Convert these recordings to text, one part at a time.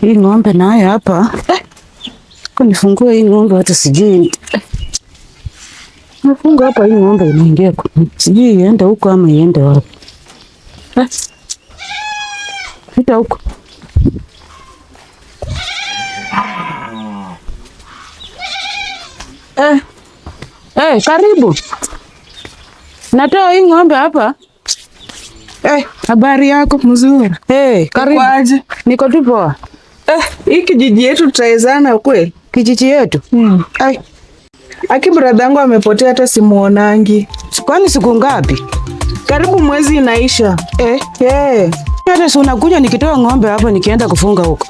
Hii ng'ombe naye hapa kunifungue hii ng'ombe, hata sijui nafunga hapa. Hii ng'ombe inaingia sijui iende huko ama iende wapi? Pita huko eh, eh, karibu natoa hii ng'ombe hapa. Eh, habari yako mzuri? Eh, karibu. Niko tu poa hii kijiji yetu tutaezana kweli? kijiji yetu mm. Ai, aki bradhangu amepotea hata simuonangi. Kwani siku ngapi? Karibu mwezi inaisha eh. Eh. Hata si unakuja nikitoa ng'ombe hapo nikienda kufunga huko,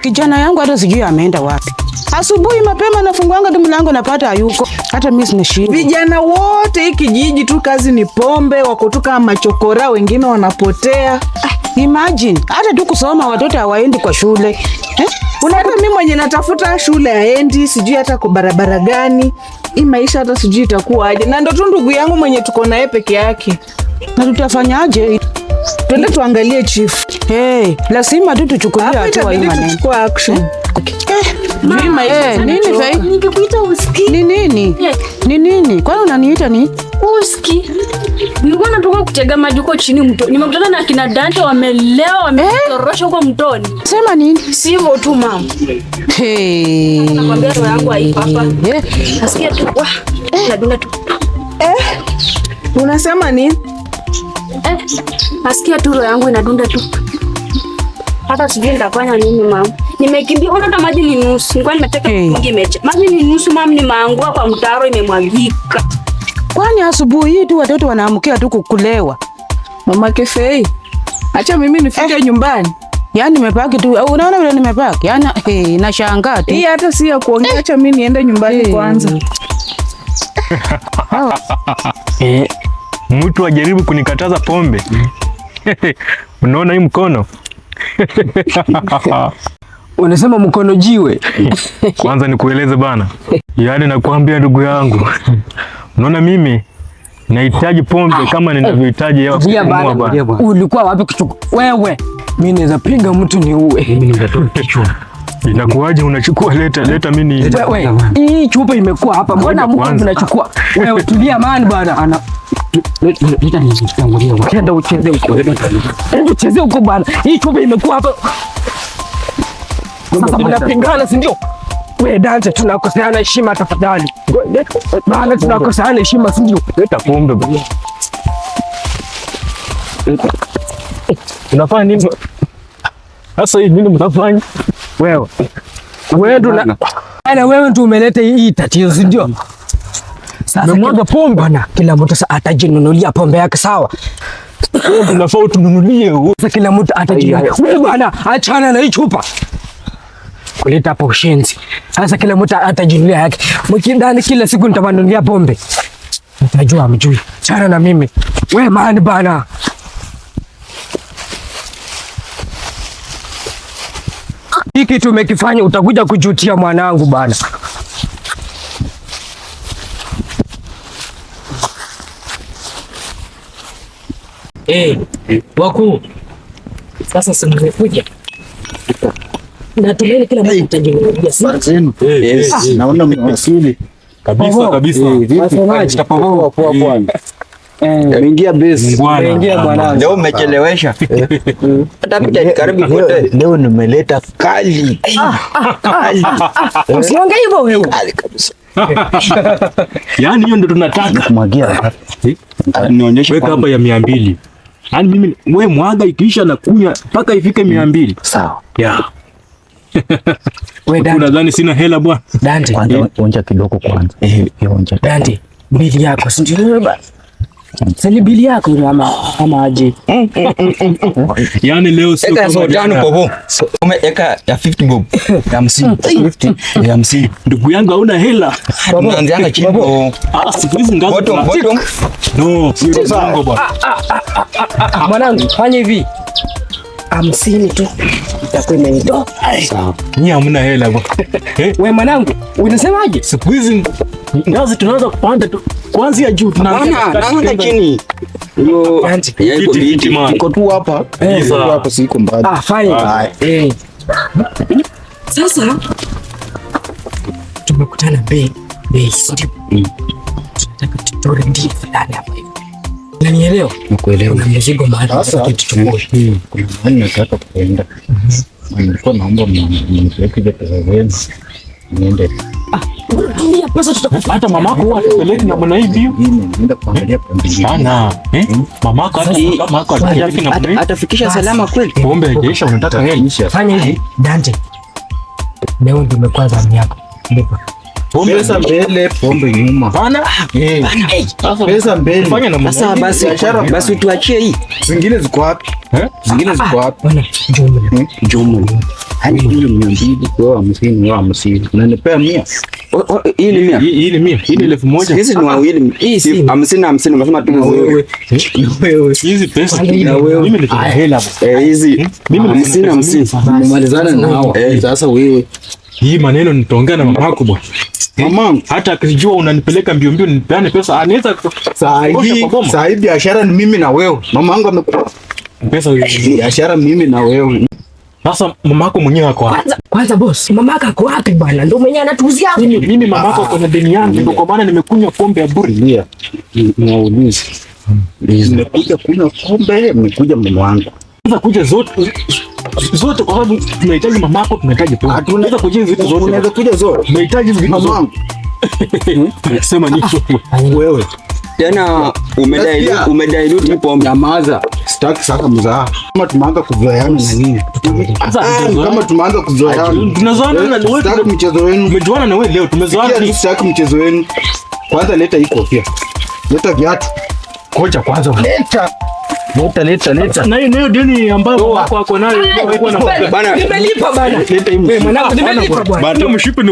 kijana yangu hata sijui ameenda wapi. Asubuhi mapema nafungwanga tu mlango napata hayuko. Hata mimi sinashinda. Vijana wote hii kijiji tu kazi ni pombe, wako tu kama machokora, wengine wanapotea. Imagine hata tu kusoma watoto hawaendi kwa shule eh? Unajua mimi mwenye natafuta shule haendi, sijui hata kwa barabara gani hii maisha, hata sijui itakuwa aje, na ndo tu ndugu yangu mwenye tuko naye peke yake, na tutafanyaje? Twende tuangalie chief. Hey, eh, lazima tu tuchukulie hatua hii maneno. Chukua action. Eh, eh, ni nini? Ni nini? Kwani unaniita ni? Uski kutega maji huko chini mto. Nimekutana na kina Dante wamelewa, wametorosha huko mtoni. Sema nini? Sivyo tu mama. Hey. Eh. Nasikia tu wah. Eh. Nadunda tu. Eh. Unasema nini? Eh. Nasikia tu roho yangu inadunda tu. Hata sijui nitafanya nini mama. Nimekimbia kwa hata maji ni nusu. Ngoja nimeteka mingi mecha. Maji ni nusu mama, nimeangua kwa mtaro imemwagika. Kwani asubuhi hii tu watoto wanaamkia tu kukulewa? Mama Kefei, acha mimi nifike eh, nyumbani. Yaani nimepaki tu. Au eh, unaona vile nimepaki? Yaani eh, nashangaa tu. Hii hata si ya kuongea, acha mimi niende nyumbani eh, kwanza. Eh, mtu ajaribu kunikataza pombe. Unaona hii mkono? Unasema mkono jiwe? Kwanza nikueleze bana. Yaani nakwambia ndugu yangu Unaona mimi nahitaji pombe ah, kama ninavyohitaji eh, hewa kupumua bwana. Ulikuwa wapi kichoko? Wewe mimi naweza piga mtu ni uwe. Mimi naweza nitatoa kichwa. Inakuwaje unachukua leta leta mimi ni wewe. Hii chupa imekuwa hapa. Mbona mko mnachukua? Wewe tulia man bwana. Ana leta ni tangulia. Kenda ucheze huko. Ndio cheze huko bwana. Hii chupa imekuwa hapa. Sasa mnapingana si ndio? We dance, tunakoseana heshima tafadhali, maana tunakoseana heshima, si ndio? Leta pombe bwana. Unafanya nini sasa? Hii nini mnafanya wewe? Wewe ndo na ana wewe ndo umeleta hii tatizo, si ndio? Sasa mwaga pombe bwana, kila mtu sasa atajinunulia pombe yake, sawa? Nafaa utununulie sasa, kila mtu atajinunulia. Wewe bwana, achana na hii chupa kuleta hapa ushenzi. Sasa kila mtu atajinulia yake mkindani, kila siku nitamandulia pombe, nitajua mjui sana na mimi we maani bana hiki tumekifanya utakuja kujutia mwanangu bana. Hey, eh, wakuu sasa simekuja Natumaini kila mtu atajiongea. Naona mmewasili kabisa kabisa. Eh, umeingia base. Leo mmechelewesha. Eh. Leo nimeleta kali. Ah, ah, ah, Usiongee hivyo wewe. Kali kabisa. Yaani hiyo ndio tunataka. Mwagia. Eh? Nionyeshe weka hapa ya 200. Yaani mimi wewe mwaga ikiisha na kunya mpaka ifike 200. Sawa. Yeah. Unadhani sina hela bwana? Dante, onja kidogo kwanza. Eh. Dante, bili yako si ndio Sali bili yako ama ama aje? Yaani leo sio ya 50 bob. Ya 50. 50. Ya 50. Ndugu yangu hauna hela. chini. Ah, ngazi. Bottom bottom. No, sio zangu bwana. Ah, ah, ah, Mwanangu, fanya hivi hamsini tu itakuwa imenitosha. Ni hamna hela We mwanangu, unasemaje? Siku hizi ngazi tunaanza kupanda tu kuanzia juu, tunaanza chini. Iko tu hapa eh, hapa, siko mbali. Ah, fine. Eh. sasa tumekutana bei bei, mm. tunataka tutore ndio fulani hapa hivi Unanielewa? Nakuelewa. Kuna mzigo mahali nataka tuchukue. Hmm, kuna mahali nataka kuenda. Mhm. Nilikuwa naomba mniweke ile pesa zenu. Niende. Tulia ah, pesa tutakupa. Hata mamako huwa atupeleki mwana hivi. Nienda kuangalia pombe. Sana. Eh? Hmm? Mamako hata mamako atapeleki na pombe. Atafikisha salama kweli? Pombe haijaisha unataka yeye. Fanya hivi. Dante. Leo ndio imekuwa zamu yako. Lipa. Pombe pesa mbele, pombe nyuma. Bana, pesa mbele. Sasa basi, basi tuachie hii. Zingine ziko wapi? Eh? Zingine ziko ah, wapi? Bana, Juma. Juma. Hani hiyo mia mbili kwa hamsini wa hamsini. Unanipea mia? Hii ni mia. Hii ni mia. Hii ni elfu moja. Hizi ni ah, ah. wawili. Hii si hamsini hamsini. Unasema tu wewe. Wewe. Hizi pesa na wewe. Mimi niko hela. Eh, hizi. Hmm? Mimi hamsini hamsini. Nimemalizana nao. Sasa wewe hii maneno nitaongea na mamako bwana. Mama, hata akijua unanipeleka mbio mbio nipeane pesa anaweza saa hii saa hii biashara ni mimi na wewe. Mama yangu amekupa pesa hii biashara mimi na wewe. Sasa mamako mwenyewe ako wapi? Kwanza kwanza boss, mamako ako wapi bwana? Ndio mwenyewe anatuuzia. Mimi mimi mamako ako na deni yangu ah. ndio kwa maana nimekunywa pombe ya bure. Ndio. Naulizi. Hmm. Nimekuja kunywa pombe, nimekuja mume wangu kuja zote zote kwa sababu tunahitaji mamako, tunahitaji tunaweza kuja vitu zote, tunaweza kuja zote, tunahitaji vitu zote. Hmm? Sema ni wewe tena umedailuti pombe. Nyamaza, sitaki saka mzaha. Kama tumeanza kuzoeana na nini? Kama tumeanza kuzoeana, tunazoeana na wewe, sitaki mchezo wenu. Tumejuana na wewe leo, tumezoeana, sitaki mchezo wenu. Kwanza leta hii kofia, leta viatu, koja kwanza, leta Leta leta leta. Na hiyo ndio ambayo wako wako nayo. Nimelipa bana. Leta hii. nimelipa Bana mshipe ni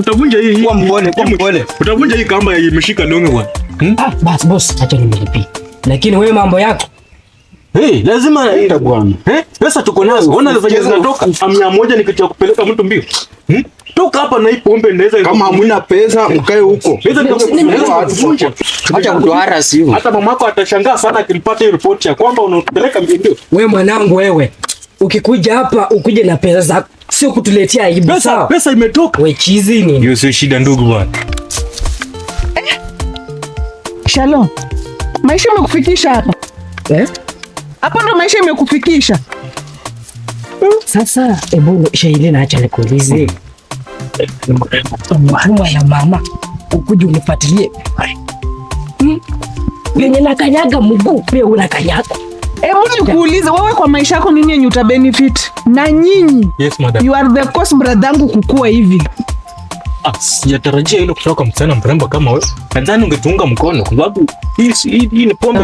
utavunja hii. Kwa mpole, kwa mpole. Utavunja hii kamba imeshika bwana. Hmm? Ah, basi boss, acha Lakini wewe mambo yako Hey, lazima naenda bwana. Eh? Pesa tuko nazo. Unaona sasa hizi zinatoka. Mia moja ni kupeleka mtu mbio. Hmm? Toka hapa na hii pombe ndaweza kama hamna pesa mkae hmm. huko. Pesa nitakufunja. Acha kutohara sio. Hata mamako atashangaa sana akilipata hiyo ripoti ya kwamba unapeleka mbio Wewe mwanangu wewe. Ukikuja hapa ukuje na pesa zako. Sio kutuletea aibu pesa, sawa? Pesa imetoka. Wewe chizi ni. Hiyo sio shida ndugu bwana. Eh? Shalom. Maisha yamekufikisha hapa. Eh? Hapo ndo maisha imekufikisha. Hmm. Sasa hebu Shailina, acha nikuulize mwana ya mama ukuja unifuatilie hmm? Venye nakanyaga mguu pia unakanyaga. Hebu nikuulize wewe, kwa maisha yako nini yenye utabenefit na nyinyi? Yes, madam. You are the cause brother yangu kukua hivi. Ah, sijatarajia hilo kutoka kwa msichana mrembo kama wewe. Nadhani ungetuunga mkono kwa sababu hii ni pombe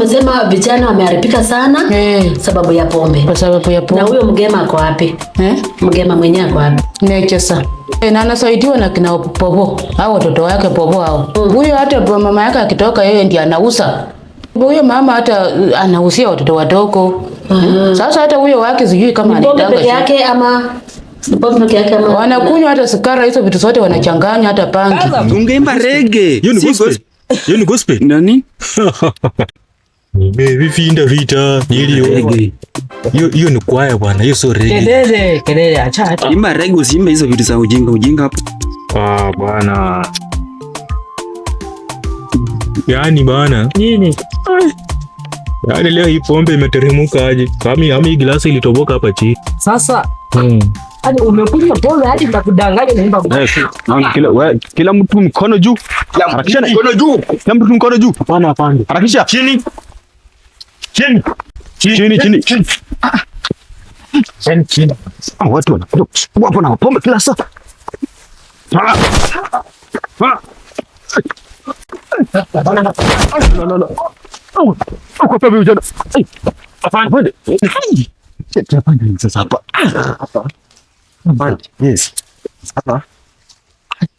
umesema vijana wameharibika sana eh, sababu ya pombe. Kwa sababu ya pombe. Na huyo mgema ako wapi? Eh? Mgema mwenyewe ako wapi? Nechesa. E, eh, na anasaidiwa na kina popo au watoto wake popo hao. Mm. Huyo hata mama yake akitoka, yeye ndiye anausa. huyo mama hata anahusia watoto wadogo. Mm. Sasa hata huyo wake sijui kama anadanga yake ama wanakunywa hata sukari, hizo vitu zote wanachanganya hata pangi. Ungeimba rege. Hiyo ni gospel. Hiyo ni gospel. Nani? Nimevishinda vita niliyo. Hiyo hiyo ni kwaya bwana, hiyo sio reggae. Kelele, kelele, acha Imba reggae, usiimbe hizo vitu za ujinga ujinga hapo. Ah bwana. Yaani bwana. Nini? Yaani leo hii pombe imeteremka aje? Kama hami glasi ilitoboka hapa chini. Sasa. Mm. Hadi yaani umekunywa pombe hadi yaani ndakudanganya na imba. Naona kila we, kila mtu mkono juu. Harakisha mkono juu. Kila mtu mkono juu. Hapana hapana. Harakisha. Chini. Chini. Chini, chini. Chini. Chini, chini. Ah, watu wanakuja kuchukua hapo na pombe kila saa. Ah. Ah.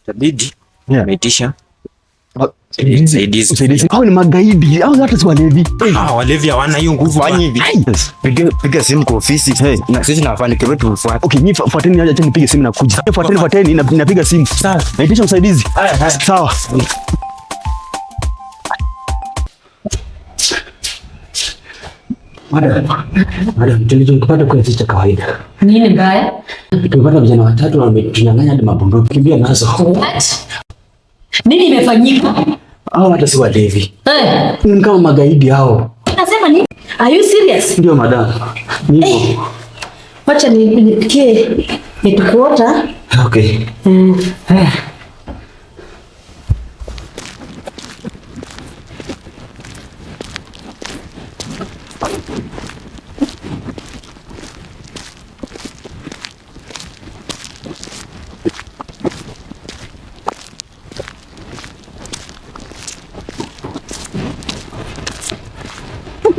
Itabidi ameitisha hao ni magaidi, hao hata si walevi. Ah, walevi hawana hiyo nguvu. Piga simu kwa ofisi na sisi na wafanye Okay, fuateni, acha nipige simu na Fuateni, fuateni, napiga simu. Sawa. Naitisha usaidizi. Sawa. Madam, madam, tulichokipata kwa cha kawaida. Nini mbaya? Tumepata vijana watatu wametunyang'anya hadi mabunduki. Kimbia nazo. What? Nini imefanyika? Hao hata si walevi. Eh. Ni kama magaidi hao. Unasema nini? Are you serious? Ndio madam. Niko. Eh. Wacha nipikie nitukuota. Okay. Mm. Eh. eh.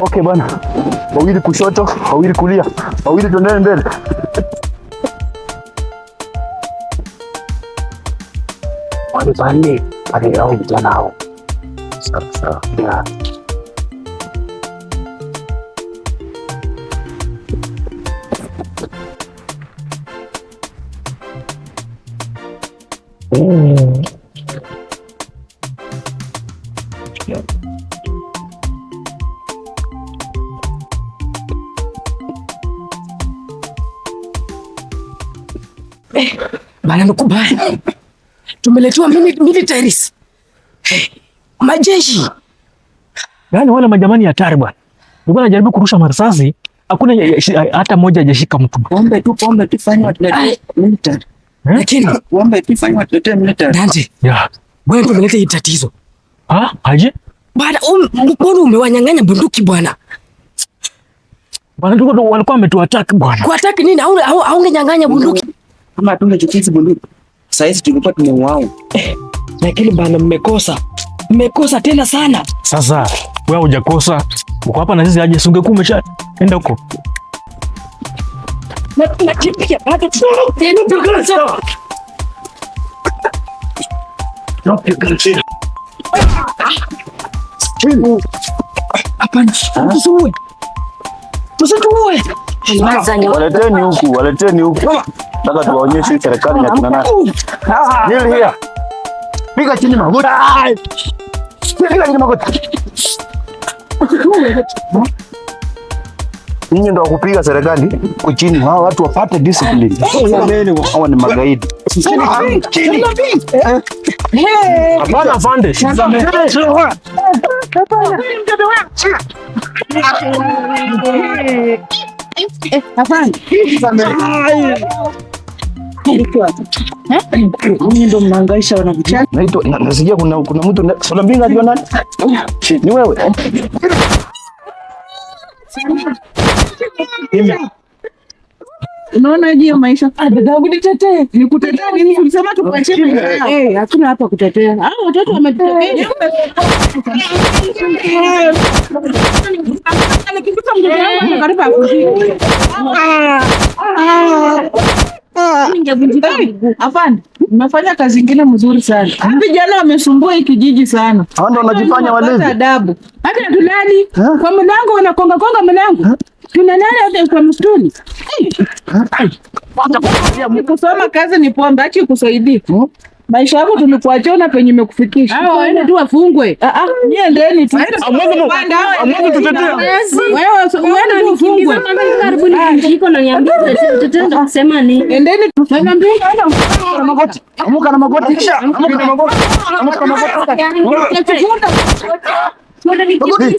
Okay bwana, wawili kushoto, wawili kulia, wawili tuendele mbele. Wanipande pale au vijana hao. Sawa sawa. Yeah. Mm. anamkubali. Tumeletewa militaries, majeshi yaani wale majamani ya bwana nilikuwa najaribu kurusha marisasi, hakuna hata moja hajashika mtu. Pombe tu, pombe tu, fanye watuletee military. Eh? Lakini pombe tu, fanye watuletee military. Nandi, ya bwana, tumeleta hii tatizo. Ha, aje bwana, mkono um, umewanyang'anya bunduki bwana? Bwana, walikuwa wametuattack bwana. Kuattack nini? Au au ungenyang'anya bunduki kama hatuna chochote bunduki saa hizi tulikuwa tumeuawa. Eh, lakini bana, mmekosa mmekosa tena sana. Sasa wewe hujakosa, uko hapa na sisi aje? Si ungekuwa enda huko Waleteni huku, waleteni huku. Nataka tuwaonyeshe serikali na kina nani. Hili hapa. Piga chini magoti. Piga chini magoti. Ninyi ndio kupiga serikali chini, hawa watu wapate discipline. Hawa ni magaidi. Eh. Hapana afande. Ndo mnaangaisha wanavijana. Nasikia kuna mtu sura mbili anajua nani? Ni wewe. Unaona hiyo maisha. Ah, dadangu nitetee. Nikutetee nini? Ulisema tukuachie maisha eh, eh, hakuna hapa kutetea. Ah, watoto eh, yaani ah. Ah. kazi ingine mzuri sana. Ah. Vijana wamesumbua hii kijiji sana. Hao ndio wanajifanya walevi. Adabu. Hata tulali. Kwa mlango wanakonga konga mlango tunalala hata uko mtuni kusoma kazi ni pombe, achi ikusaidie maisha yako tulikuachia na penye imekufikisha. waende tu wafungwe. Ah ndeni tu. tutetea. Wewe tu na Na na magoti. Amuka na magoti. Amuka na magoti. Amuka na magoti.